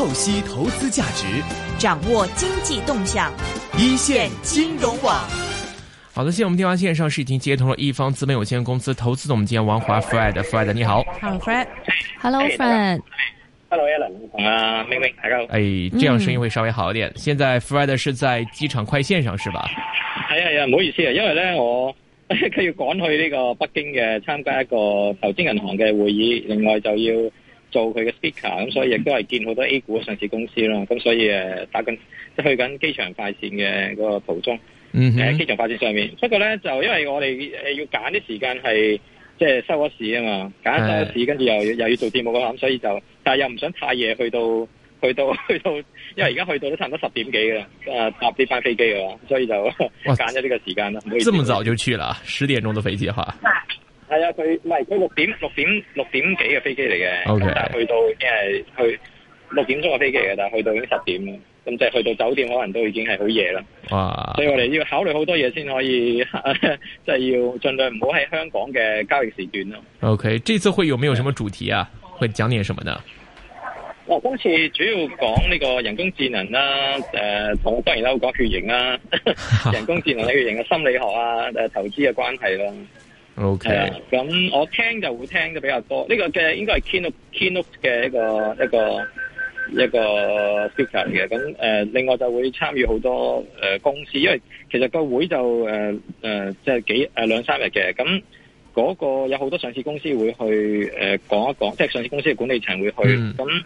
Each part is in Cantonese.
透析投資價值，掌握經濟動向，一線金融網。好的，現在我們電話線上是已經接通了一方資本有限的公司投資總監王華 Fred，Fred Fred, 你好。Hello Fred，Hello Fred，Hello、hey, Alan，啊、uh、明明，大家好。哎，這樣聲音會稍微好一點。嗯、現在 Fred 是在機場快線上是吧？係啊係啊，唔好意思啊，因為咧我佢 要趕去呢個北京嘅參加一個投資銀行嘅會議，另外就要。做佢嘅 speaker 咁，所以亦都係見好多 A 股嘅上市公司咯。咁所以誒，打緊即係去緊機場快線嘅嗰個途中，喺、嗯、機場快線上面。不過咧，就因為我哋誒要揀啲時間係即係收咗市啊嘛，揀咗收咗市，跟住又、哎、又要做節目咁所以就，但係又唔想太夜去到去到去到，因為而家去到都差唔多十點幾啦，誒，搭呢班飛機嘅話，所以就揀咗呢個時間啦。咁早就去了，十點鐘嘅飛機哈。啊係啊，佢唔係佢六點六點六點幾嘅飛機嚟嘅，咁、okay。但係去到即係去六點鐘嘅飛機嘅，但係去到已經十點喇，咁即係去到酒店可能都已經係好夜啦。哇！所以我哋要考慮好多嘢先可以，即 係要盡量唔好喺香港嘅交易時段咯。O、okay. K，這次會有冇什麼主題啊？ 會講點什麼呢？我、哦、今次主要講呢個人工智能啦、啊，誒、呃，當然啦，我講血型啦、啊， 人工智能血型嘅心理學啊，誒、啊，投資嘅關係啦、啊。O K 啊，咁我聽就會聽得比較多，呢、這個嘅應該係 keynote keynote 嘅一個一個一個 speaker 嚟嘅，咁、呃、另外就會參與好多、呃、公司，因為其實個會就誒即係幾誒兩三日嘅，咁嗰、那個有好多上市公司會去誒、呃、講一講，即係上市公司嘅管理層會去，咁、嗯、誒、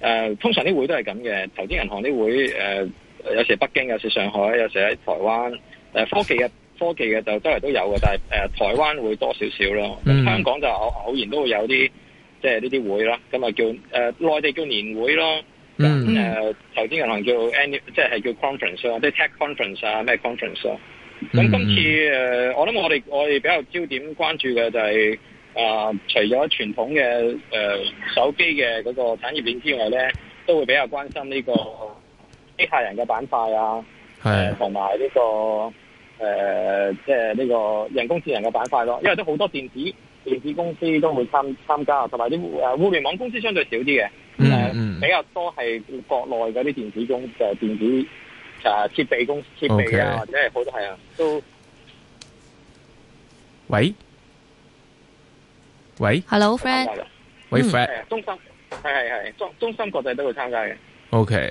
嗯、通常啲會都係咁嘅，投資銀行啲會誒、呃、有時北京，有時上海，有時喺台灣誒、呃、科技嘅。 科技嘅就周圍都有嘅，但係誒、呃、台灣會多少少咯。咁、嗯、香港就偶偶然都會有啲即係呢啲會咯，咁啊叫誒、呃、內地叫年會咯。咁誒頭先銀行叫 annual 即係係叫 conference 啊，即係 tech conference 啊，咩 conference 啊。咁今次誒、嗯呃、我諗我哋我哋比較焦點關注嘅就係、是、誒、呃、除咗傳統嘅誒、呃、手機嘅嗰個產業鏈之外咧，都會比較關心呢、這個機械人嘅板塊啊，誒同埋呢個。誒、呃，即係呢個人工智能嘅板塊咯，因為都好多電子電子公司都會參參加啊，同埋啲誒互聯網公司相對少啲嘅，mm-hmm. 呃，比較多係國內嗰啲電子公，就係電子誒設、啊、備公設備啊，或者係好多係啊，都喂喂，Hello，friend，喂，friend，中芯係係係中中芯國際都會參加嘅，OK。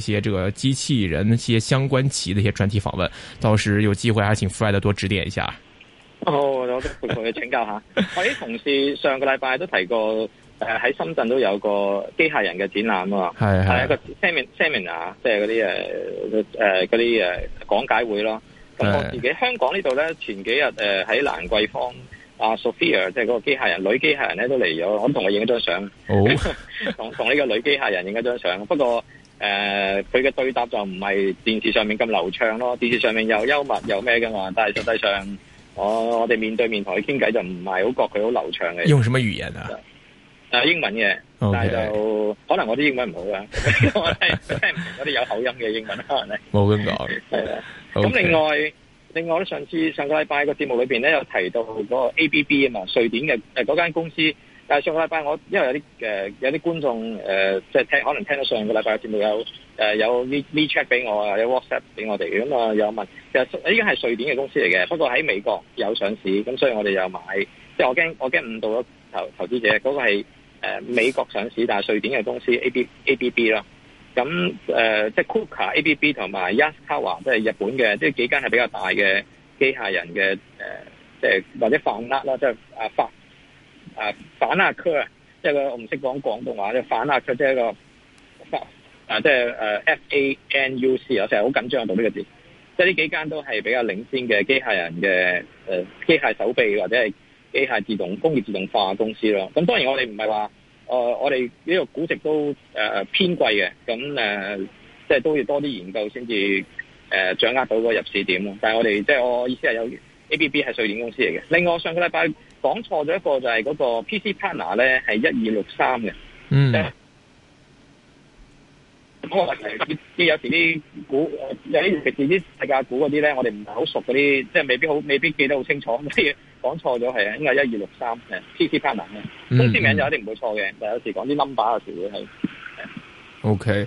一些這個機器人、一些相關企業的一些專題訪問，到時有機會還、啊、請 Fred 多指點一下。好， 我我我請教下，我啲同事上個禮拜都提過，誒、呃、喺深圳都有個機械人嘅展覽啊，係 係一個 semin seminar，即係嗰啲誒誒嗰啲誒講解會咯。咁、嗯、 我自己香港呢度咧，前幾日誒喺蘭桂坊阿、啊、Sophia，即係嗰個機械人女機械人咧都嚟咗，我同佢影咗張相，同同呢個女機械人影咗張相，不過。誒、呃，佢嘅對答就唔係電視上面咁流暢咯，電視上面又幽默又咩嘅嘛，但係實際上我我哋面對面同佢傾偈就唔係好覺佢好流暢嘅。用什麼語言啊？啊，英文嘅，okay. 但係就可能我啲英文唔好啦，我哋聽唔明嗰啲有口音嘅英文可能咧。冇咁講，係啦。咁另外，okay. 另外另外上次上個禮拜個節目裏邊咧有提到嗰個 A B B 啊嘛，瑞典嘅誒嗰間公司。但上個禮拜我因為有啲誒有啲觀眾誒即係聽可能聽到上個禮拜嘅節目，有誒、呃、有 WeChat 俾我啊，有 WhatsApp 俾我哋咁啊，有問其實依家係瑞典嘅公司嚟嘅，不過喺美國有上市，咁所以我哋有買。即、就、係、是、我驚我驚誤導咗投投資者嗰、那個係、呃、美國上市但係瑞典嘅公司 A B A B B 啦。咁誒即係 Kuka A B B 同埋 Yaskawa 即係日本嘅，即、就、係、是、幾間係比較大嘅機械人嘅誒即係或者放壓啦，即係啊發。啊 Fanuc 啊，即係個我唔識講廣東話，即係 Fanuc 即係一個法即係誒 F A N U C 啊，成日好緊張到呢個字。即係呢幾間都係比較領先嘅機械人嘅誒機械手臂或者係機械自動工業自動化公司咯。咁當然我哋唔係話誒我哋呢個估值都誒、呃、偏貴嘅，咁誒即係都要多啲研究先至誒掌握到個入市點咯。但係我哋即係我意思係有 A B B 係瑞典公司嚟嘅。另外上個禮拜。講錯咗一個就係嗰個 PC Partner 咧，係一二六三嘅，嗯，咁我啲有時啲股有啲尤其是啲世界股嗰啲咧，我哋唔係好熟嗰啲，即係未必好未必記得好清楚，所以講錯咗係啊，應該係一二六三嘅 PC Partner 嘅、嗯、公司名就一定唔會錯嘅，但、嗯、有時講啲 number 有時會係，OK。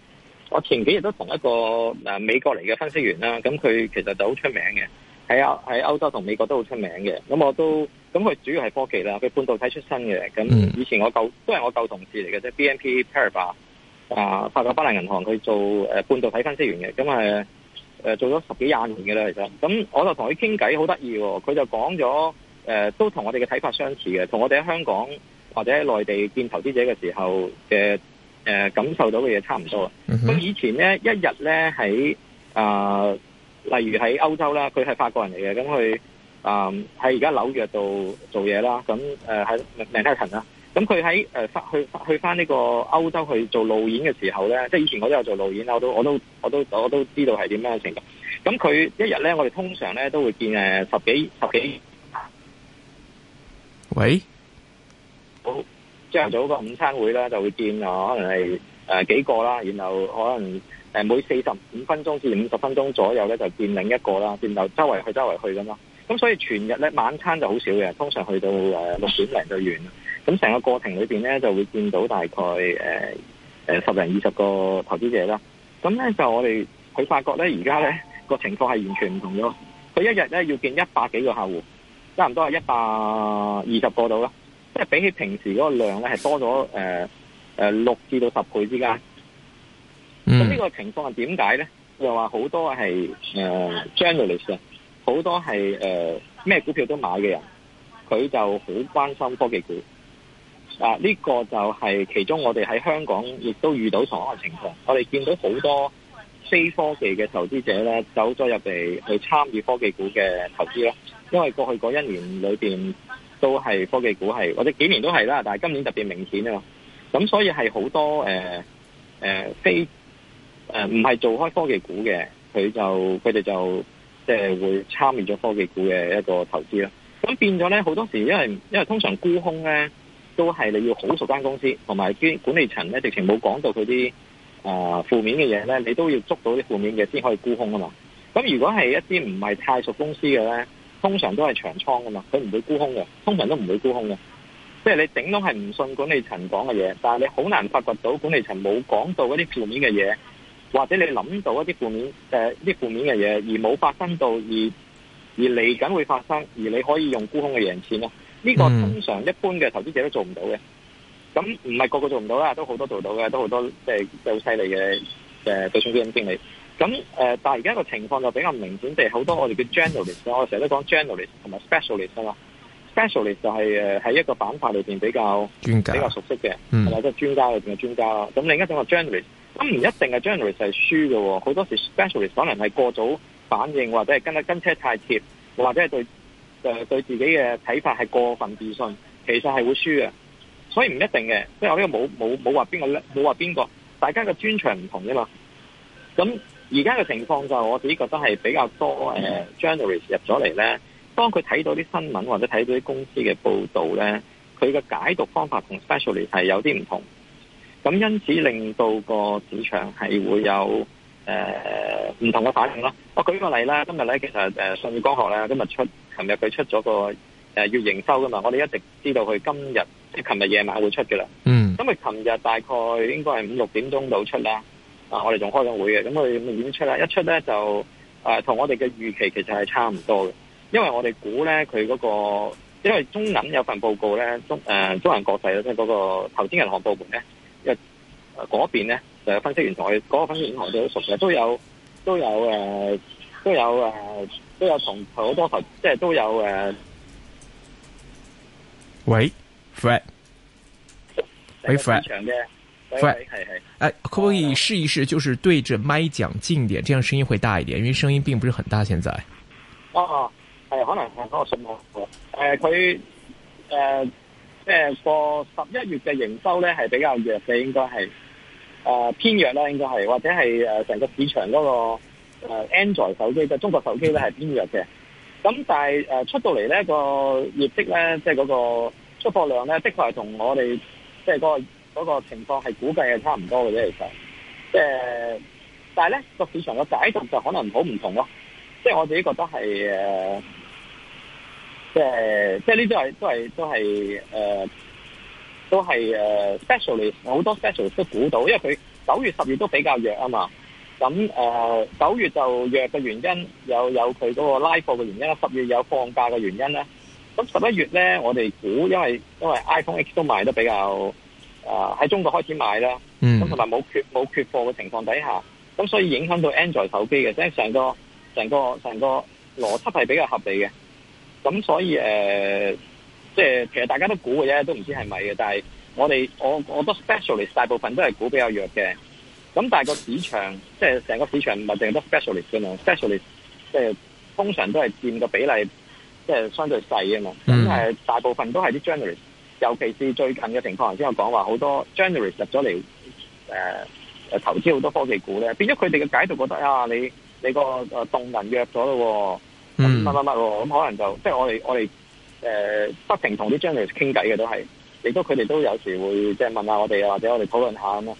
我前幾日都同一個誒美國嚟嘅分析員啦，咁佢其實就好出名嘅，喺喺歐洲同美國都好出名嘅。咁我都咁佢主要係科技啦，佢半導體出身嘅。咁以前我舊都係我舊同事嚟嘅啫，BNP Paribas 啊法國巴黎銀行佢做誒、呃、半導體分析員嘅，咁誒誒做咗十幾廿年嘅啦，其實。咁我就同佢傾偈好得意喎，佢、哦、就講咗誒都同我哋嘅睇法相似嘅，同我哋喺香港或者喺內地見投資者嘅時候嘅。誒、呃，感受到嘅嘢差唔多。咁、嗯、以前咧，一日咧喺啊，例如喺歐洲啦，佢係法國人嚟嘅，咁佢啊喺而家紐約度做嘢啦。咁誒喺 London 啦，咁佢喺誒去去翻呢個歐洲去做路演嘅時候咧，即係以前我都有做路演，我都我都我都我都知道係點樣嘅情況。咁佢一日咧，我哋通常咧都會見誒十幾十幾。十幾喂。好、哦。朝頭早個午餐會咧就會見啊，可能係誒、呃、幾個啦，然後可能誒每四十五分鐘至五十分鐘左右咧就見另一個啦，然後周圍去周圍去咁嘛。咁所以全日咧晚餐就好少嘅，通常去到六點零就完。咁成個過程裏面咧就會見到大概誒十零二十個投資者啦。咁咧就我哋佢發覺咧而家咧個情況係完全唔同咗。佢一日咧要見一百幾個客戶，差唔多係一百二十個度啦。即係比起平時嗰個量咧，係多咗誒誒六至到十倍之間。咁、mm. 呢個情況係點解咧？又話好多係誒 journalist 啊，好、呃、多係誒咩股票都買嘅人，佢就好關心科技股。啊，呢、這個就係其中我哋喺香港亦都遇到同一個情況。我哋見到好多非科技嘅投資者咧，走咗入嚟去參與科技股嘅投資咯。因為過去嗰一年裏邊。都係科技股係，或者幾年都係啦，但係今年特別明顯啊嘛。咁所以係好多誒誒、呃呃、非誒唔係做開科技股嘅，佢就佢哋就即係會參與咗科技股嘅一個投資啦。咁變咗咧，好多時因為因為通常沽空咧都係你要好熟間公司，同埋啲管理層咧直情冇講到佢啲啊負面嘅嘢咧，你都要捉到啲負面嘅先可以沽空啊嘛。咁如果係一啲唔係太熟公司嘅咧？通常都係長倉㗎嘛，佢唔會沽空嘅，通常都唔會沽空嘅。即係你頂多係唔信管理層講嘅嘢，但係你好難發掘到管理層冇講到嗰啲負面嘅嘢，或者你諗到一啲負面，誒、呃，啲負面嘅嘢而冇發生到，而而嚟緊會發生，而你可以用沽空嘅贏錢咯。呢、嗯呢個通常一般嘅投資者都做唔到嘅。咁唔係個個做唔到啦，都好多做到嘅，都好多即係好犀利嘅誒，對沖基金經理。咁誒、呃，但而家個情況就比較明顯地，好多我哋叫 generalist， 我成日都講 generalist 同埋 specialist 啊嘛。specialist 就係誒喺一個板塊裏面比較專比較熟悉嘅，或者即係專家裏面嘅專家啦？咁另一種講 g generalist，咁唔一定嘅 generalist 係輸嘅，好多時 specialist 可能係過早反應，或者係跟得跟車太貼，或者係對誒、呃、對自己嘅睇法係過分自信，其實係會輸嘅。所以唔一定嘅，即係我呢個冇冇冇話邊個叻，冇話邊個，大家嘅專長唔同啫嘛。咁。而家嘅情況就我自己覺得係比較多誒 journalist 入咗嚟咧，當佢睇到啲新聞或者睇到啲公司嘅報道咧，佢嘅解讀方法同 specialist 係有啲唔同，咁因此令到個市場係會有誒呃、唔同嘅反應咯。我舉個例啦，今日咧其實誒、呃、信光學咧今日出，琴日佢出咗個誒、呃、月營收噶嘛，我哋一直知道佢今日即係琴日夜晚會出嘅啦。嗯，因為琴日大概應該係五六點鐘度出啦。啊！我哋仲開咗會嘅，咁佢演出啦一出咧就誒同、呃、我哋嘅預期其實係差唔多嘅，因為我哋估咧佢嗰個，因為中銀有份報告咧，中、呃、中銀國際咧嗰、嗰個投資銀行部門咧，因為嗰、呃、邊咧就分析員同我嗰、嗰個分析員都熟嘅，都有都有誒，都有誒、呃，都有同好、呃呃、多份，即係都有誒。喂 Fred 喂，Fred, Wait, Fred。係係，誒，可唔、啊、可以試一試，就是對着麥講近點，這樣聲音會大一點，因為聲音並不是很大。現、啊、在，哦、啊，係可能係嗰個信號，誒、呃，佢誒，即係個十一月嘅營收咧係比較弱嘅，應該係誒、呃、偏弱啦，應該係或者係誒成個市場嗰、那個誒 Android 手機嘅中國手機咧係偏弱嘅，咁、嗯、但係誒、呃、出到嚟呢、這個業績咧即係嗰個出貨量咧的確係同我哋即係嗰、那個。嗰、那個情況係估計係差唔多嘅啫，其實，即、呃、係，但係咧個市場嘅解讀就可能好唔同咯。即係我自己覺得係誒、呃，即係即係呢啲都係都係都係誒，都係誒 specialist 好多 specialist 都估到，因為佢九月十月都比較弱啊嘛。咁誒九月就弱嘅原因有有佢嗰個拉貨嘅原因啦，十月有放假嘅原因啦。咁十一月咧，我哋估因為因為 iPhone X 都賣得比較誒、啊，喺中國開始買啦，咁同埋冇缺冇缺貨嘅情況底下，咁所以影響到 Android 手機嘅，即係成個成個成個邏輯係比較合理嘅。咁所以誒，即、呃、係、就是、其實大家都估嘅啫，都唔知係咪嘅。但係我哋我我覺得 specialist 大部分都係估比較弱嘅。咁但係個市場即係成個市場唔係淨係得 specialist 噶嘛，specialist 即係通常都係佔個比例即係、就是、相對細啊嘛。咁、嗯、係大部分都係啲 generalist。尤其是最近嘅情況，頭先我講話好多 generators 入咗嚟、呃，投資好多科技股咧，變咗佢哋嘅解讀覺得啊，你你個誒動能弱咗咯，乜乜乜喎，咁、嗯嗯嗯、可能就即係我哋我哋誒不停同啲 generators 傾偈嘅都係，亦都佢哋都有時會即係問下我哋啊，或者我哋討論下咁咯。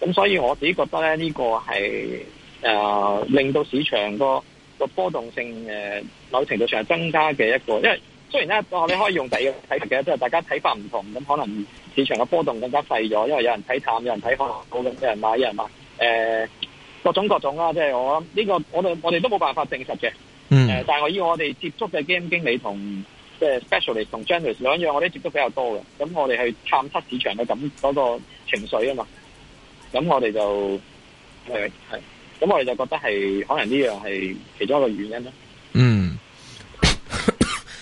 咁、嗯、所以我自己覺得咧，呢個係誒令到市場個個、呃、波動性誒某、呃、程度上係增加嘅一個，因為。雖然咧，我哋可以用第二個睇法嘅，即係大家睇法唔同，咁可能市場嘅波動更加細咗，因為有人睇淡，有人睇可能有人買，有人賣，誒、呃、各種各種啦。即係我呢個，我哋我哋都冇辦法證實嘅。誒、嗯呃，但係我以我哋接觸嘅基金經理同即係 specialist 同 journalist 兩樣，我哋接觸比較多嘅。咁我哋去探測市場嘅嗰個情緒啊嘛。咁我哋就係係，咁、嗯、我哋就覺得係可能呢樣係其中一個原因啦。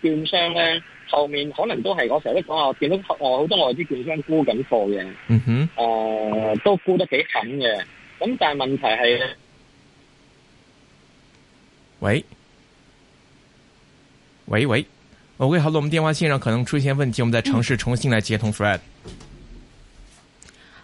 券商咧，後面可能都係，我成日都講，我見到好多外資券商沽緊貨嘅，誒、嗯呃，都沽得幾狠嘅。咁但係問題係咧，喂，喂喂，好嘅，可能我們電話線上可能出現問題，我們再嘗試重新來接通 Fred。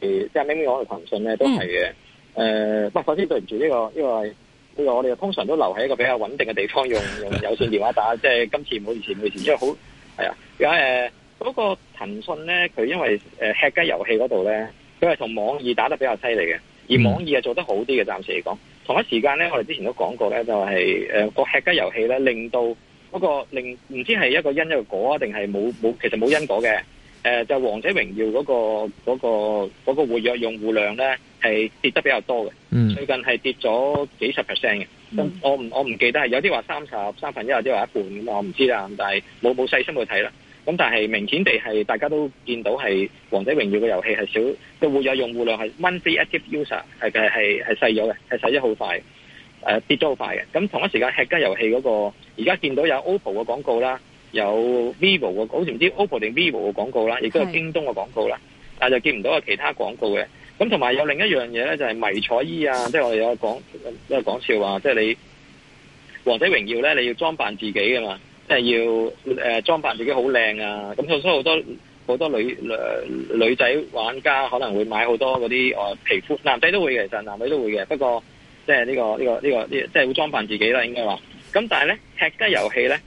即係明明我用騰訊咧，都係嘅。誒、呃，反正不，首先對唔住呢個，呢個呢個我哋通常都留喺一個比較穩定嘅地方用用有線電話打。即係今次唔好意思，唔好意思，因為好係啊。誒，嗰、呃那個騰訊咧，佢因為誒、呃、吃雞遊戲嗰度咧，佢係同網易打得比較犀利嘅，而網易係做得好啲嘅。暫時嚟講，同一時間咧，我哋之前都講過咧，就係誒個吃雞遊戲咧，令到嗰、那個令唔知係一個因一個果啊，定係冇冇其實冇因果嘅。誒、呃，就是《王者榮耀、那個》嗰、那個個、那個活躍用戶量咧，係跌得比較多嘅。Mm. 最近係跌咗幾十 percent 嘅。咁、mm. 嗯、我唔我唔記得係，有啲話三十三分一，有啲話一半咁，我唔知啦。但係冇冇細心去睇啦。咁、嗯、但係明顯地係，大家都見到係《王者榮耀》嘅遊戲係少嘅活躍用戶量係 one day active user 係係係細咗嘅，係細咗好快，誒、呃、跌咗好快嘅。咁、嗯、同一時間，食雞遊戲嗰、那個而家見到有 OPPO 嘅廣告啦。有 vivo 嘅，好似唔知 oppo 定 vivo 嘅廣告啦，亦都係京東嘅廣告啦，是但係就見唔到有其他廣告嘅。咁同埋有另一樣嘢咧，就係、是、迷彩衣啊，即、就、係、是、我哋有個講，即係講笑話、啊，即、就、係、是、你《王者榮耀》咧，你要裝扮自己嘅嘛，即、就、係、是、要誒、呃、裝扮自己好靚啊！咁做出好多好多女、呃、女仔玩家可能會買好多嗰啲誒皮膚，男仔都會嘅其實，男女都會嘅，不過即係呢個呢個呢個，即、這、係、個這個這個就是、會裝扮自己啦，應該話。咁但係咧，吃雞遊戲咧。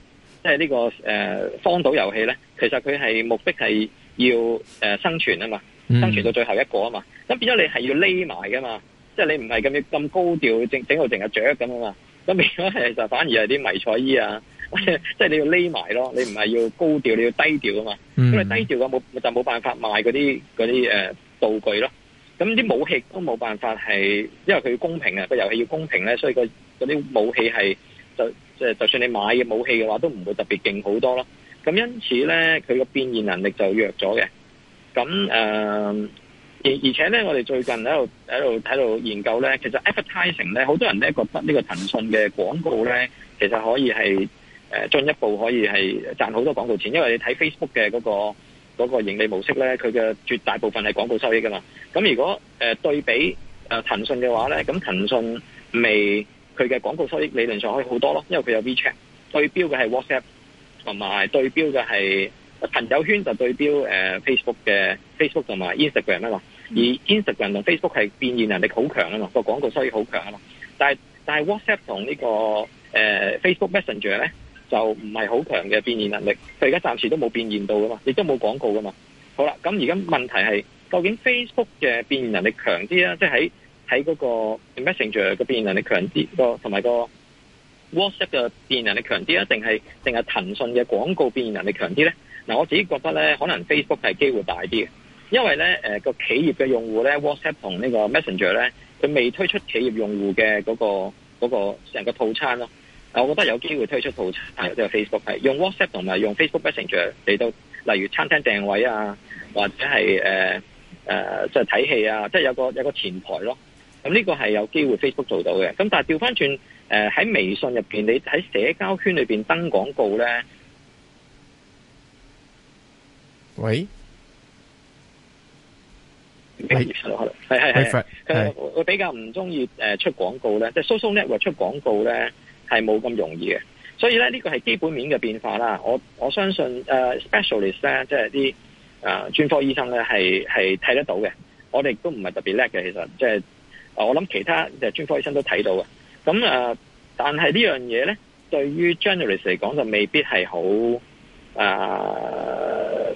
即係呢個誒荒、呃、島遊戲咧，其實佢係目的係要誒、呃、生存啊嘛，生存到最後一個啊嘛。咁變咗你係要匿埋噶嘛，即係你唔係咁要咁高調整整到成個雀咁啊嘛。咁變咗係就反而係啲迷彩衣啊，呵呵即係你要匿埋咯，你唔係要高調，你要低調啊嘛。咁、mm、你 -hmm. 低調嘅冇就冇辦法賣嗰啲啲誒道具咯。咁啲武器都冇辦法係，因為佢要公平啊，個遊戲要公平咧，所以個嗰啲武器係就。即係就算你買嘅武器嘅話，都唔會特別勁好多咯。咁因此咧，佢個變現能力就弱咗嘅。咁誒而而且咧，我哋最近喺度喺度喺度研究咧，其實 advertising 咧，好多人咧覺得呢個騰訊嘅廣告咧，其實可以係誒、呃、進一步可以係賺好多廣告錢，因為你睇 Facebook 嘅嗰個嗰個盈利模式咧，佢嘅絕大部分係廣告收益噶嘛。咁如果誒、呃、對比誒、呃、騰訊嘅話咧，咁騰訊未。佢嘅廣告收益理論上可以好多咯，因為佢有 WeChat，對標嘅係 WhatsApp，同埋對標嘅係朋友圈就對標 Facebook 嘅 Facebook 同埋 Instagram 啊嘛，而 Instagram 同 Facebook 係變現能力好強啊嘛，個廣告收益好強啊嘛，但係但係 WhatsApp 同呢個、呃、Facebook Messenger 咧就唔係好強嘅變現能力，佢而家暫時都冇變現到噶嘛，亦都冇廣告噶嘛。好啦，咁而家問題係究竟 Facebook 嘅變現能力強啲啊？即係喺。喺嗰個 Messenger 個變現能力強啲，個同埋個 WhatsApp 嘅變現能力強啲啊，定係定係騰訊嘅廣告變現能力強啲咧？嗱，我自己覺得咧，可能 Facebook 係機會大啲嘅，因為咧誒個企業嘅用戶咧 WhatsApp 同呢個 Messenger 咧，佢未推出企業用戶嘅嗰個嗰個成個套餐咯，啊，我覺得有機會推出套餐，即係 Facebook 係用 WhatsApp 同埋用 Facebook Messenger 嚟到，例如餐廳訂位啊，或者係誒誒即係睇戲啊，即係有個有個前台咯。咁、嗯、呢、這個係有機會 Facebook 做到嘅，咁但係調翻轉，喺、呃、微信入面，你喺社交圈裏面登廣告咧，喂，係係係，佢比較唔中意誒出廣告咧，即係 social network 出廣告咧係冇咁容易嘅，所以咧呢、這個係基本面嘅變化啦。我我相信誒、呃、specialist 咧，即係啲誒專科醫生咧係係睇得到嘅。我哋都唔係特別叻嘅，其實即啊，我諗其他就專科醫生都睇到嘅，咁啊、呃，但係呢樣嘢咧，對於 generalist 嚟講就未必係好啊，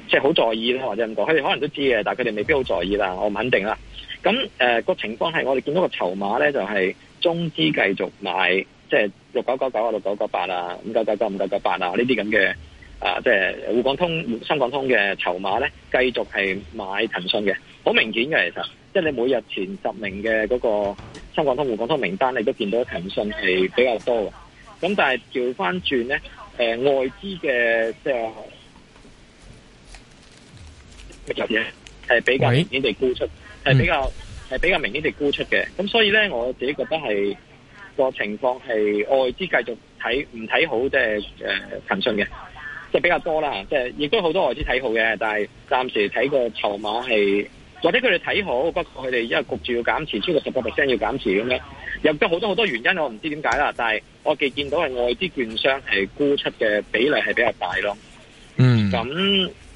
即係好在意啦，或者咁講，佢哋可能都知嘅，但係佢哋未必好在意啦，我唔肯定啦。咁誒個情況係我哋見到個籌碼咧就係、是、中資繼續買，即係六九九九啊，六九九八啊，五九九九五九九八啊呢啲咁嘅啊，即係滬港通、深港通嘅籌碼咧，繼續係買騰訊嘅，好明顯嘅其實。即係你每日前十名嘅嗰個深港通、滬港通名單，你都見到騰訊係比較多嘅。咁但係調返轉咧，誒、呃、外資嘅即係乜嘢係比較明顯地沽出，係比較係比較明顯地沽出嘅。咁、嗯、所以咧，我自己覺得係個情況係外資繼續睇唔睇好，即係誒騰訊嘅，即係比較多啦。即係亦都好多外資睇好嘅，但係暫時睇個籌碼係。或者佢哋睇好，不過佢哋因為焗住要減持，超過十個 percent 要減持咁樣，有好多好多原因，我唔知點解啦。但係我既見到係外資券商係沽出嘅比例係比較大咯。嗯，咁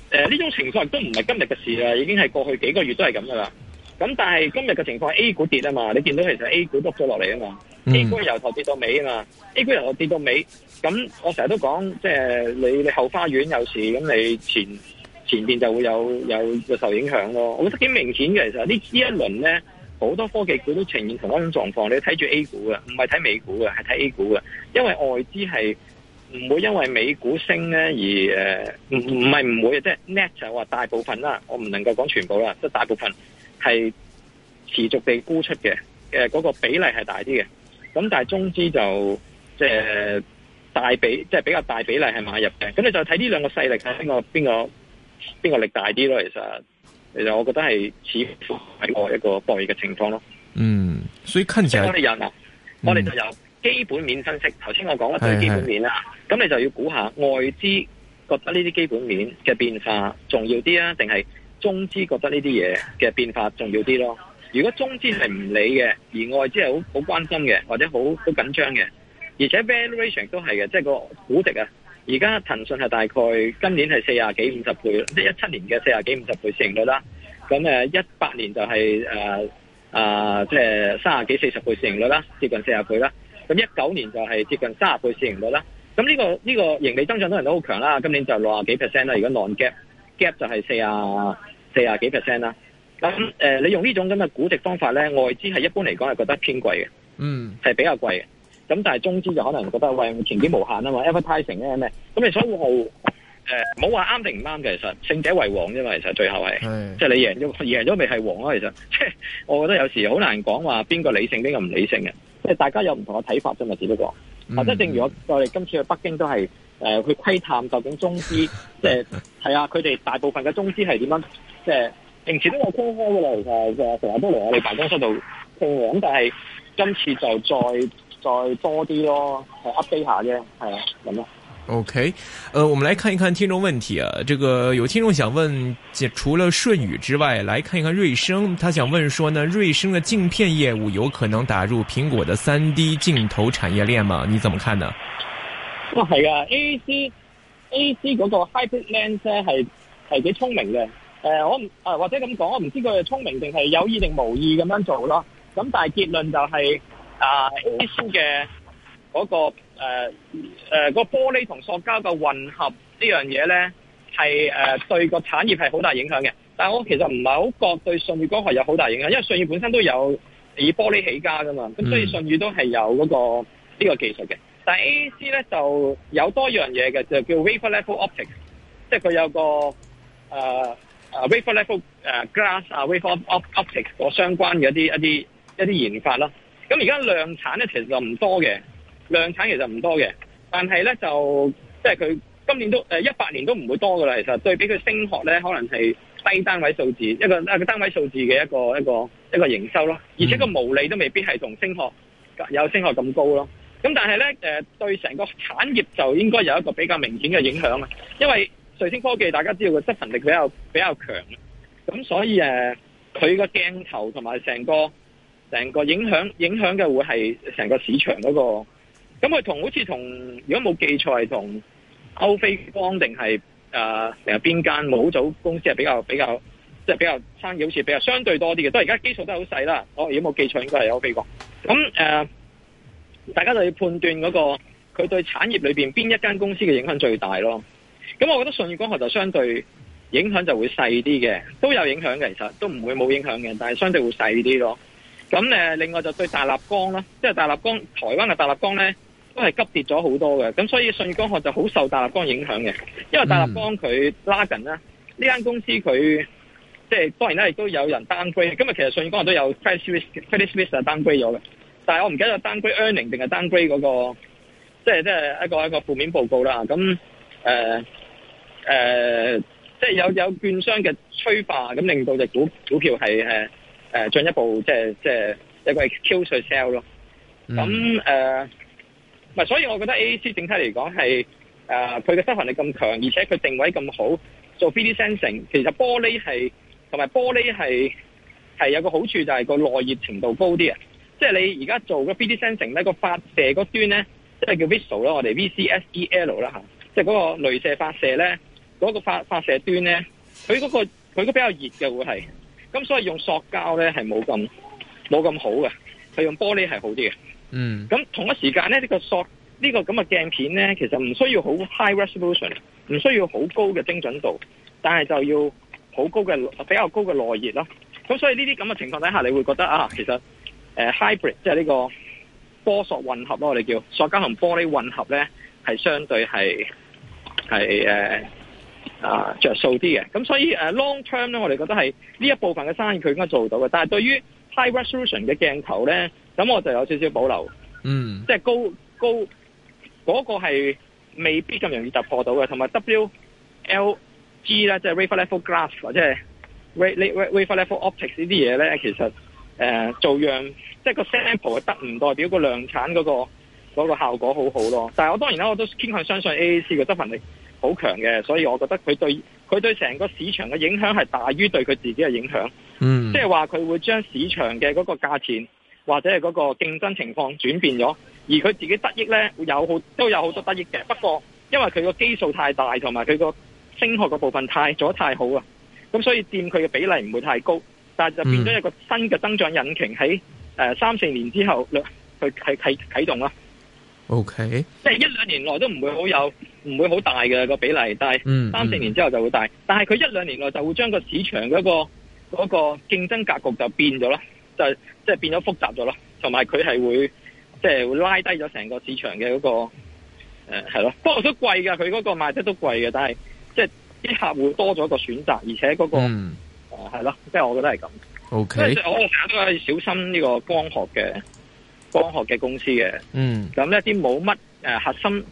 誒呢種情況都唔係今日嘅事啦，已經係過去幾個月都係咁噶啦。咁但係今日嘅情況是 A 股跌啊嘛，你見到其實 A 股縮咗落嚟啊嘛，嗯、A 股由頭跌到尾啊嘛，A 股由頭跌到尾。咁我成日都講，即係你你後花園有事，咁你前。前邊就會有有受影響咯，我覺得幾明顯嘅。其實呢呢一輪呢，好多科技股都呈現同一種狀況。你睇住 A 股嘅，唔係睇美股嘅，係睇 A 股嘅，因為外資係唔會因為美股升呢，而誒，唔唔係唔會啊，即係 net 就話大部分啦，我唔能夠講全部啦，即係大部分係持續地沽出嘅，誒嗰個比例係大啲嘅。咁但係中資就即係大比，即係比較大比例係買入嘅。咁你就睇呢兩個勢力喺邊個邊個？邊個力大啲咯？其實其實我覺得係似乎一個一個博弈嘅情況咯。嗯，所以，看起來所以我哋有喇、嗯、我哋就由基本面分析。頭先我講啦，就基本面啦。咁你就要估下外資覺得呢啲基本面嘅變化重要啲啊，定係中資覺得呢啲嘢嘅變化重要啲咯？如果中資係唔理嘅，而外資係好好關心嘅，或者好好緊張嘅，而且 valuation 都係嘅，即係個估值啊。而家騰訊係大概今年係四十幾五十倍，即係一七年嘅四十幾五十倍市盈率啦。咁誒一八年就係誒誒即係三十幾四十倍市盈率啦，接近四十倍啦。咁一九年就係接近三十倍市盈率啦。咁呢、呢個呢、呢個盈利增長都係都好強啦。今年就六十幾 percent 啦。如果攬 gap gap 就係四十四十幾 percent 啦。咁誒、呃，你用呢種咁嘅估值方法咧，外資係一般嚟講係覺得偏貴嘅，嗯，係比較貴嘅。咁但係中資就可能覺得喂，前景無限啊嘛，advertising 咩咩咁， 你所以好，誒冇話啱定唔啱嘅，其實勝者為王啫嘛、就是啊，其實最後係即係你贏咗，咪係王咯。其實即係我覺得有時好難講話邊個理性邊個唔理性嘅，即係大家有唔同嘅睇法啫嘛，只不過、嗯、或者正如我我哋今次去北京都係誒、呃、去窺探究竟中資即係係啊，佢、呃、哋大部分嘅中資係點樣？即、呃、係平時都有傾開嘅啦，其實嘅成日都嚟我哋辦公室度傾，咁但係今次就再。再多啲咯，我、嗯、update 下啫，係啊，咁樣。OK，誒、呃，我們來看一看聽眾問題啊。這個有聽眾想問，除了舜宇之外，來看一看瑞聲，他想問說呢，瑞聲的鏡片業務有可能打入蘋果的 3D 鏡頭產業鏈嗎？你怎麼看呢？哇、哦，係噶，AAC 嗰個 Hybrid Lens 咧，係係幾聰明嘅。誒、呃，我唔誒、呃、或者咁講，我唔知佢係聰明定係有意定無意咁樣做咯。咁但係結論就係、是。啊，A C 嘅嗰、那個誒誒、呃那個玻璃同塑膠嘅混合這呢樣嘢咧，係誒、呃、對個產業係好大影響嘅。但係我其實唔係好覺對信義光學有好大影響，因為信義本身都有以玻璃起家噶嘛，咁所以信義都係有嗰、那個呢、這個技術嘅。但係 A C 咧就有多樣嘢嘅，就叫 Wafer Level Optics，即係佢有個誒誒、呃啊、Wafer Level 誒、啊、Glass 啊 Wafer Optics 嗰相關嘅一啲一啲一啲研發啦。咁而家量產咧，其實就唔多嘅。量產其實唔多嘅，但係咧就即係佢今年都誒一八年都唔會多噶啦。其實對比佢升學咧，可能係低單位數字一個啊單位數字嘅一個一個一個營收咯。而且個毛利都未必係同升學有升學咁高咯。咁但係咧誒，對成個產業就應該有一個比較明顯嘅影響啊。因為瑞星科技大家知道個執行力比較比較強，咁所以誒，佢、呃、個鏡頭同埋成個。成個影響影響嘅會係成個市場嗰、那個，咁佢同好似同如果冇記錯係同歐菲光定係誒誒邊間模組公司係比較比較即係、就是、比較生意好似比較相對多啲嘅。都係而家基數都係好細啦。我、哦、如果冇記錯應該係歐菲光。咁誒、呃，大家就要判斷嗰、那個佢對產業裏面邊一間公司嘅影響最大咯。咁我覺得舜宇光學就相對影響就會細啲嘅，都有影響嘅，其實都唔會冇影響嘅，但係相對會細啲咯。咁另外就對大立光啦，即、就、係、是、大立光、台灣嘅大立光呢，都係急跌咗好多嘅。咁所以信義光學就好受大立光影響嘅，因為大立光佢拉緊啦，呢、嗯、間公司佢即係當然咧，亦都有人單 o 今日其實信義光學都有 credit risk、嗯、c r e t r i s 咗嘅，但係我唔記得有單 w e a r n i n g 定係單 o 嗰個，即係一個一個負面報告啦。咁誒、呃呃、即係有有券商嘅催化，咁令到隻股，股票係誒進一步即係即係一個 execute sell 咯。咁誒、嗯呃，所以我覺得 A A C 整體嚟講係誒，佢嘅執行力咁強，而且佢定位咁好，做 3D sensing，其實玻璃係同埋玻璃係係有個好處，就係個耐熱程度高啲啊。即係你而家做個 3D sensing 咧，個發射嗰端咧，即係叫 visible 咯，我哋 V C S E L 啦，即係嗰個雷射發射咧，嗰、嗰個發，發射端咧，佢嗰、嗰個佢都比較熱嘅會係。咁所以用塑膠咧係冇咁冇咁好嘅，係用玻璃係好啲嘅。嗯。咁同一時間咧，呢、呢個塑呢、呢個咁嘅鏡片咧，其實唔需要好 high resolution，唔需要好高嘅精準度，但係就要好高嘅比較高嘅耐熱咯。咁所以呢啲咁嘅情況底下，你會覺得啊，其實誒、呃、hybrid 即係呢個玻塑混合咯，我哋叫塑膠同玻璃混合咧，係相對係係啊，著數啲嘅，咁所以誒、uh, long term 咧，我哋覺得係呢一部分嘅生意佢應該做到嘅，但係對於 high resolution 嘅鏡頭咧，咁我就有少少保留，嗯、mm.，即係高高嗰、那個係未必咁容易突破到嘅，同埋 W L G 啦，即係 wafer level glass 或者係 wafer wafer level optics 呢啲嘢咧，其實誒、呃、做樣即係個 sample 係得唔代表、那個量產嗰、那個嗰、那個效果好好咯，但係我當然啦，我都傾向相信 A A C 嘅執行力。好強嘅，所以我覺得佢對佢對成個市場嘅影響係大於對佢自己嘅影響。嗯，即係話佢會將市場嘅嗰個價錢或者係嗰個競爭情況轉變咗，而佢自己得益呢，有好都有好多得益嘅。不過因為佢個基數太大，同埋佢個升學嘅部分太做得太好啊，咁所以佔佢嘅比例唔會太高，但係就變咗一個新嘅增長引擎喺誒三四年之後去啟啟啟動啦。O K，即係一兩年內都唔會好有，唔會好大嘅、這個比例，但係三四年之後就會大。嗯嗯、但係佢一兩年內就會將個市場嗰、那個嗰、那個競爭格局就變咗咯，就即係、就是、變咗複雜咗咯。同埋佢係會即係、就是、拉低咗成個市場嘅嗰、那個誒係咯，不、呃、過都貴噶，佢嗰個賣得都貴嘅。但係即係啲客戶多咗個選擇，而且嗰、那個、嗯、啊係咯，即係我覺得係咁。O、okay. K，我成日都係小心呢個光學嘅。光學嘅公司嘅，咁呢啲冇乜誒核心，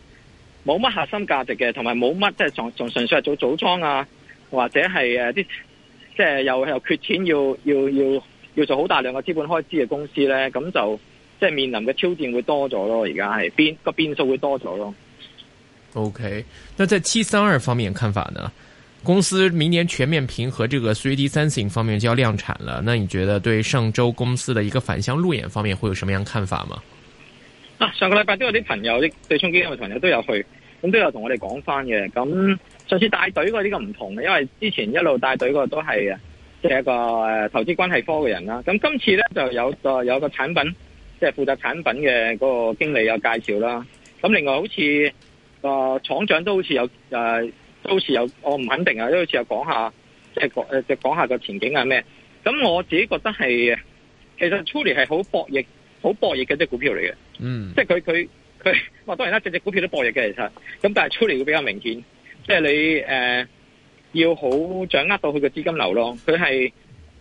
冇乜核心價值嘅，同埋冇乜即係仲仲純粹係做組裝啊，或者係誒啲即係又又缺錢要要要要做好大量嘅資本開支嘅公司咧，咁就即係面臨嘅挑戰會多咗咯，而家係變個變數會多咗咯。OK，但那在 T32 方面嘅看法呢？公司明年全面屏和這個 3D sensing 方面就要量產了，那你覺得對上周公司的一個反向路演方面會有什麼樣的看法嗎？啊，上個禮拜都有啲朋友，啲對沖基金嘅朋友都有去，咁都有同我哋講翻嘅。咁上次帶隊嗰個個唔同嘅，因為之前一路帶隊嗰個都係啊，即係一個誒投資關係科嘅人啦。咁今次咧就有個有個產品，即係負責產品嘅嗰個經理有介紹啦。咁另外好似個廠長都好似有誒。呃到時有，我唔肯定啊，都好似有講下，即係講誒，即係講下個前景啊咩？咁我自己覺得係，其實 Truly 係好博弈，好博弈嘅隻股票嚟嘅，嗯，即係佢佢佢，我當然啦，隻隻股票都博弈嘅，其實，咁但係 Truly 會比較明顯，即係你誒、呃、要好掌握到佢嘅資金流咯，佢係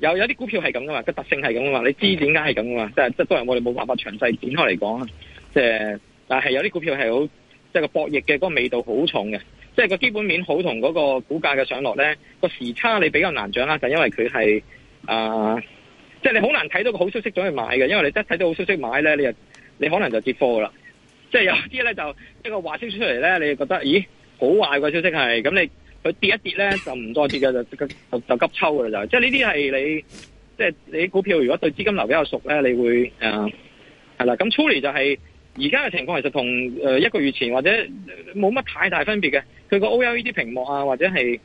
有有啲股票係咁噶嘛，個特性係咁噶嘛，你知點解係咁噶嘛，但係即係當然我哋冇辦法詳細展開嚟講即係，但係有啲股票係好即係個博弈嘅嗰，那個味道好重嘅。即係個基本面好同嗰個股價嘅上落咧，個時差你比較難掌握，就因為佢係啊，即係你好難睇到個好消息咗去買嘅，因為你一睇到好消息買咧，你就你可能就接貨噶啦。即係有啲咧就一個壞消息出嚟咧，你覺得咦好壞個消息係咁，你佢跌一跌咧就唔再跌嘅，就就就急抽噶啦就。即係呢啲係你即係你股票如果對資金流比較熟咧，你會啊係啦。咁粗嚟就係。而家嘅情況其實同誒一個月前或者冇乜太大分別嘅，佢個 OLED 屏幕啊，或者係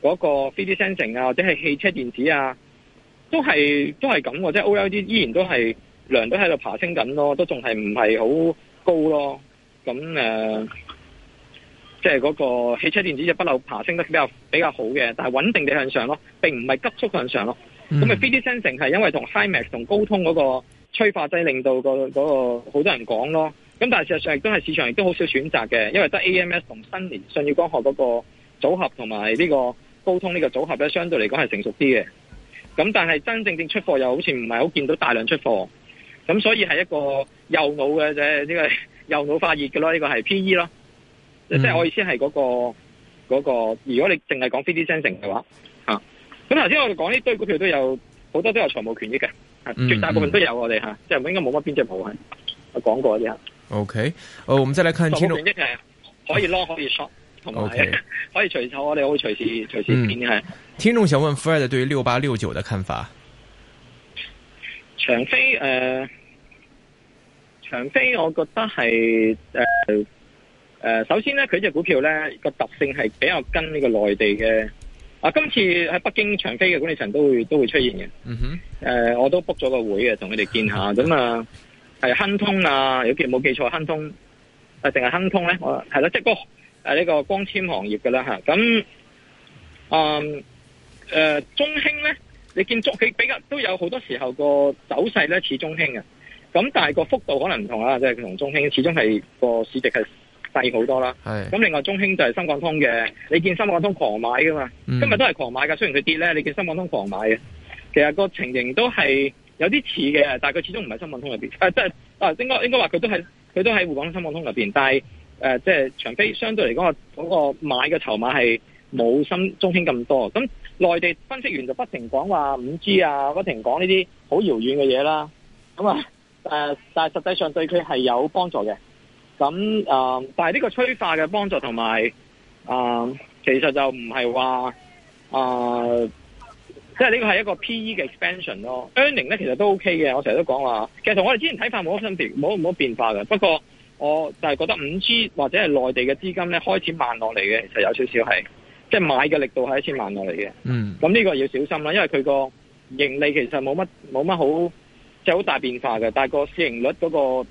嗰個 3D sensing 啊，或者係汽車電子啊，都係都係咁，即係 OLED 依然都係量都喺度爬升緊咯，都仲係唔係好高咯？咁誒即係個汽車電子就不嬲爬升得比較比較好嘅，但係穩定地向上咯，並唔係急速向上咯。咁，嗯，啊，3D sensing 係因為同 HiMax 同高通嗰個。催化劑令到嗰個嗰個好多人講咯，咁但係事實上亦都係市場亦都好少選擇嘅，因為得 A M S 同新年信業光學嗰個組合同埋呢個高通呢個組合咧，相對嚟講係成熟啲嘅。咁但係真正正出貨又好似唔係好見到大量出貨，咁所以係一個右腦嘅啫，呢個右腦發熱嘅咯，呢個係 P E 咯，即係我意思係嗰個嗰個。如果你淨係講 3D sensing 嘅話，咁頭先我哋講呢堆股票都有好多都有財務權益嘅。絕大部分都有我哋吓，即、嗯、係、嗯、應該冇乜邊隻冇係，我講過啲吓。O K，哦，我們再來看，看聽眾。長形係可以 long 可以 short，係、啊 okay, 可以隨時我哋可以隨時隨時變嘅、嗯。聽眾想問 Fred 對於六八六九嘅看法？長飛誒、呃，長飛我覺得係誒誒，首先咧佢隻股票咧個特性係比較跟呢個內地嘅。啊！今次喺北京長飛嘅管理層都會都會出現嘅，誒、嗯哼，我都 book 咗個會嘅，同佢哋見下。咁啊，係亨通啊，如果冇記錯，亨通啊，定係亨通咧，係、啊、啦，即係誒呢個光纖行業嘅啦吓。咁、啊，誒、啊呃，中興咧，你見中佢比較都有好多時候個走勢咧，似中興啊。咁但係個幅度可能唔同啊，即係同中興始終係個市值係。細好多啦，係咁。另外，中興就係深港通嘅，你見深港通狂買噶嘛？今日都係狂買噶，雖然佢跌咧，你見深港通狂買嘅。其實個情形，都係有啲似嘅，但係佢始終唔係深港通入邊，誒，即係啊，應該應該話佢都係佢都喺滬港深港通入邊。但係誒，即係、呃、即係、長飛相對嚟講個嗰個買嘅籌碼係冇深中興咁多。咁內地分析員就不停講話五 G 啊，不停講呢啲好遙遠嘅嘢啦。咁啊誒，但係實際上對佢係有幫助嘅。咁啊、呃，但係呢個催化嘅幫助同埋啊，其實就唔係話啊，即係呢個係一個 PE 嘅 expansion 咯。earning 呢咧其實都 OK 嘅，我成日都講話，其實同我哋之前睇法冇乜分別，冇冇乜變化嘅。不過我就係覺得五 G 或者係內地嘅資金咧開始慢落嚟嘅，其實有少少係，即係買嘅力度係開始慢落嚟嘅。嗯。咁呢個要小心啦，因為佢個盈利其實冇乜冇乜好，即係好大變化嘅，但係個市盈率嗰個。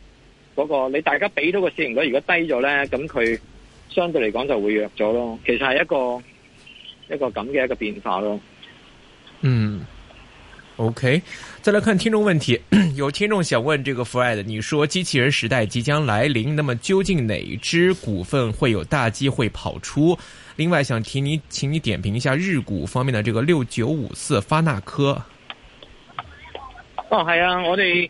那個你大家俾到個市盈率，如果低咗呢，咁佢相對嚟講就會弱咗咯。其實係一個一個咁嘅一個變化咯。嗯，OK，再來看聽眾問題，有聽眾想問：這個 Fred，你說機器人時代即將來臨，那麼究竟哪支股份會有大機會跑出？另外，想提你，請你點評一下日股方面的這個六九五四發那科。哦，係啊，我哋。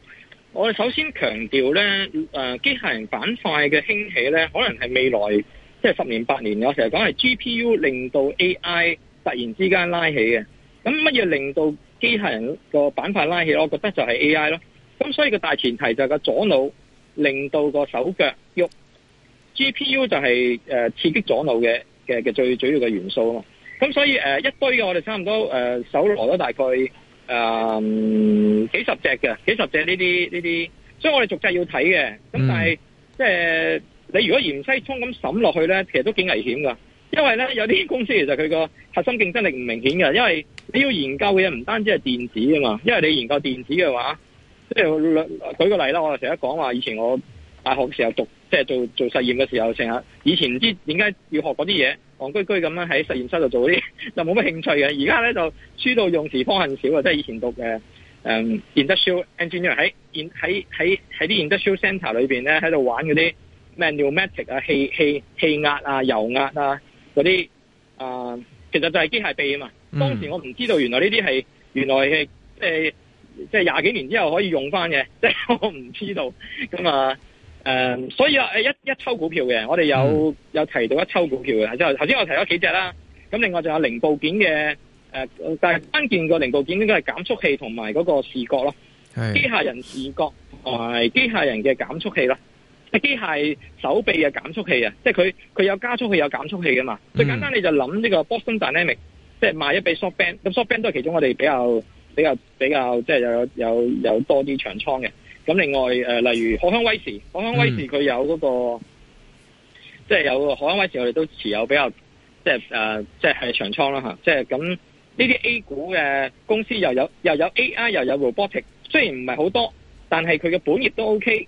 我哋首先強調咧，誒機械人板塊嘅興起咧，可能係未來即係十年八年，我成日講係 G P U 令到 A I 突然之間拉起嘅。咁乜嘢令到機械人個板塊拉起呢？我覺得就係 A I 咯。咁所以個大前提就係個左腦令到個手腳喐，G P U 就係誒刺激左腦嘅嘅嘅最主要嘅元素咯。咁所以誒一堆嘅我哋差唔多誒手羅咗大概。誒、嗯，幾十隻嘅，幾十隻呢啲呢啲，所以我哋逐隻要睇嘅。咁但係、嗯、即係你如果芫茜蔥咁抌落去咧，其實都幾危險噶。因為咧有啲公司其實佢個核心競爭力唔明顯嘅，因為你要研究嘅嘢，唔單止係電子啊嘛。因為你研究電子嘅話，即係舉個例啦，我成日講話以前我大學嘅時候讀，即係做做實驗嘅時候成日，以前唔知點解要學嗰啲嘢。戇居居咁樣喺實驗室度做啲，就冇乜興趣嘅。而家呢，就輸到用時方恨少啊！即係以前讀誒誒 Industrial Engineering 喺喺喺喺啲 Industrial Centre 裏面呢，喺度玩嗰啲 pneumatic 啊氣氣氣壓啊油壓啊嗰啲、呃、其實就係機械臂啊嘛、嗯。當時我唔知道原來呢啲係原來係即係即係廿幾年之後可以用返嘅，即係我唔知道咁啊。誒、嗯，所以啊，一一抽股票嘅，我哋有有提到一抽股票嘅，即係頭先我提咗幾隻啦，咁另外仲有零部件嘅，誒、呃，但係關鍵個零部件應該係減速器同埋嗰個視覺咯，係，機械人視覺同埋機械人嘅減速器啦，機械手臂嘅減速器啊，即係佢佢有加速器有減速器噶嘛、嗯，最簡單你就諗呢個 Boston Dynamic，即係賣一俾 Softbank，咁 Softbank 都係其中我哋比較比較比較即係有有有有多啲長倉嘅。咁另外誒、呃，例如海康威視，海康威視佢有嗰、那個，嗯、即係有海康威視，我哋都持有比較，即係誒、呃，即係係長倉啦嚇，即係咁呢啲 A 股嘅公司又有又有 AI 又有 robotic，雖然唔係好多，但係佢嘅本業都 OK，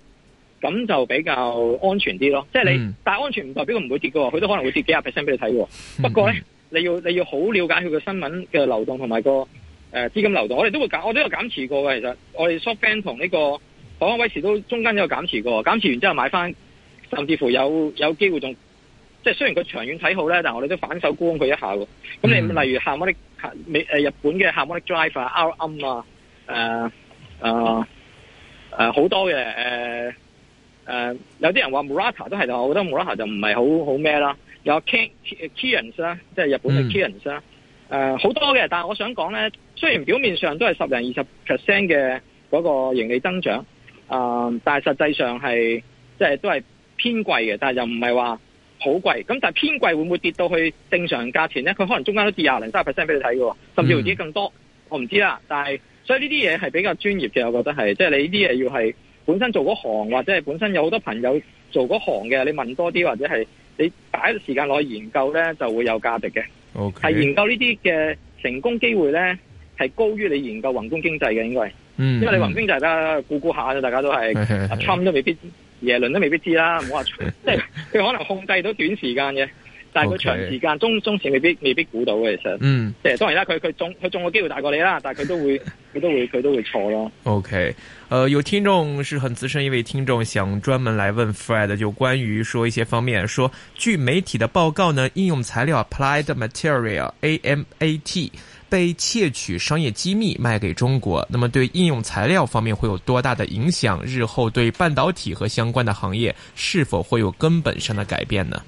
咁就比較安全啲咯。嗯、即係你，但係安全唔代表佢唔會跌嘅喎，佢都可能會跌幾廿 percent 俾你睇喎。不過咧、嗯，你要你要好了解佢嘅新聞嘅流動同埋個誒資金流動，我哋都會減，我都有減持過嘅。其實我哋 SoftBank 同呢個。港威士都中間有減持過，減持完之後買翻，甚至乎有有機會仲，即係雖然佢長遠睇好咧，但係我哋都反手沽佢一下喎。咁你，mm -hmm. 例如 Harmonic 美，誒日本嘅 Harmonic Drive 啊、Râm 啊、誒誒誒好多嘅誒誒，有啲人話 Murata 都係，我覺得 Murata 就唔係好好咩啦。有 K Keyence 啦，即係日本嘅 Keyence 啦，誒好多嘅。但係我想講咧，雖然表面上都係十零二十 percent 嘅嗰個盈利增長。啊、嗯，但係實際上係即係都係偏貴嘅，但係又唔係話好貴。咁但係偏貴會唔會跌到去正常價錢咧？佢可能中間都跌廿零、三十 percent 俾你睇嘅，甚至乎跌更多，我唔知啦。但係，所以呢啲嘢係比較專業嘅，我覺得係即係你呢啲嘢要係本身做嗰行或者係本身有好多朋友做嗰行嘅，你問多啲或者係你擺個時間落去研究咧，就會有價值嘅。O、okay，係研究呢啲嘅成功機會咧，係高於你研究宏觀經濟嘅，應該。嗯嗯、因為你黃星就大家估估下大家都係，阿 Trump 都未必，耶倫都未必知啦，唔好話，即係佢可能控制到短時間嘅，但係佢長時間、嘿嘿中中期未必未必估到嘅其實。嗯，即係當然啦，佢佢中佢中嘅機會大過你啦，但係佢都會佢都會佢都，都，都會錯咯。OK，呃，有聽眾是很資深一位聽眾，想專門嚟問 Fred 就關於說一些方面，說據媒體的報告呢，應用材料 Applied Material AMAT。被竊取商業機密賣給中國，那麼對應用材料方面會有多大的影響？日後對半導體和相關的行業是否會有根本上的改變呢？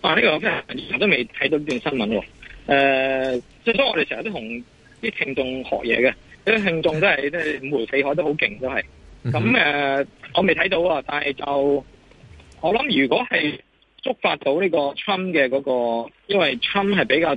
啊，呢、這個我其實都未睇到呢段新聞喎、哦。誒、呃，即係我哋成日都同啲聽眾學嘢嘅，啲聽眾真係真係五湖四海都好勁，都係。咁、嗯、誒、呃，我未睇到啊、哦，但係就，我諗如果係觸發到呢個侵嘅嗰個，因為侵係比較。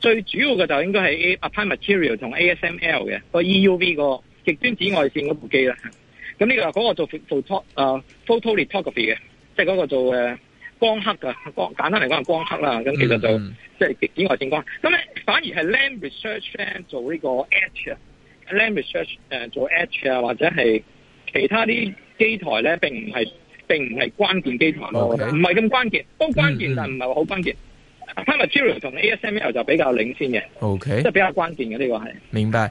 最主要嘅就是應該係 Applied Materials 同 ASML 嘅個 EUV 個極端紫外線嗰部機啦。咁呢、這個嗰、那個做 photo photolithography 嘅，即係嗰個做誒、呃、光刻㗎，光簡單嚟講係光刻啦。咁其實就即係紫外線光。咁咧反而係 Lam Research 咧做呢個 etch 啊，Lam Research 誒、呃、做 etch 啊，或者係其他啲機台咧並唔係並唔係關鍵機台囉，唔係咁關鍵，都關鍵、mm-hmm. 但唔係話好關鍵。啊，Material 同 ASML 就比較領先嘅，OK，即係比較關鍵嘅呢個係。明白。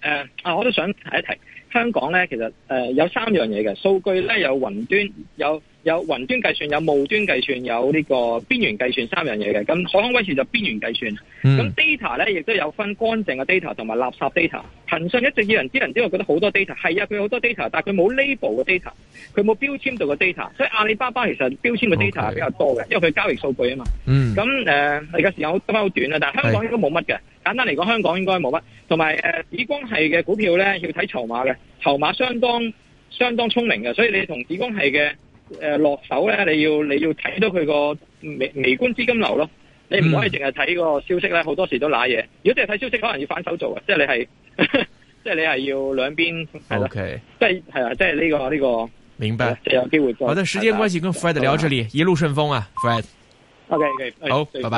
誒，啊，我都想提一提香港咧。其實，誒、嗯，有三樣嘢嘅數據咧，有雲端有。有雲端計算，有霧端計算，有呢個邊緣計算三樣嘢嘅。咁海康威視就是邊緣計算。咁、mm. data 咧，亦都有分乾淨嘅 data 同埋垃圾 data。騰訊一直以人之人之外，覺得好多 data 係啊，佢好多 data，但係佢冇 label 嘅 data，佢冇標籤度嘅 data。所以阿里巴巴其實標籤嘅 data 係、okay。比較多嘅，因為佢交易數據啊嘛。咁、mm。誒，而、呃、家時間好今好短啦，但係香港應該冇乜嘅。簡單嚟講，香港應該冇乜。同埋誒，紫光系嘅股票咧，要睇籌碼嘅籌碼相當相當聰明嘅，所以你同紫光系嘅。誒，落手咧，你要你要睇到佢個微微觀資金流咯，你唔可以淨係睇個消息咧，嗯，好多時都瀨嘢。如果淨係睇消息，可能要反手做啊，即係你係，即 係你係要兩邊係，OK，即係係啊，即係呢個呢個，明白。就有機會再。好的，時間關係，跟 Fred 聊這裏，一路順風啊，Fred。OK，OK，好，oh，拜拜。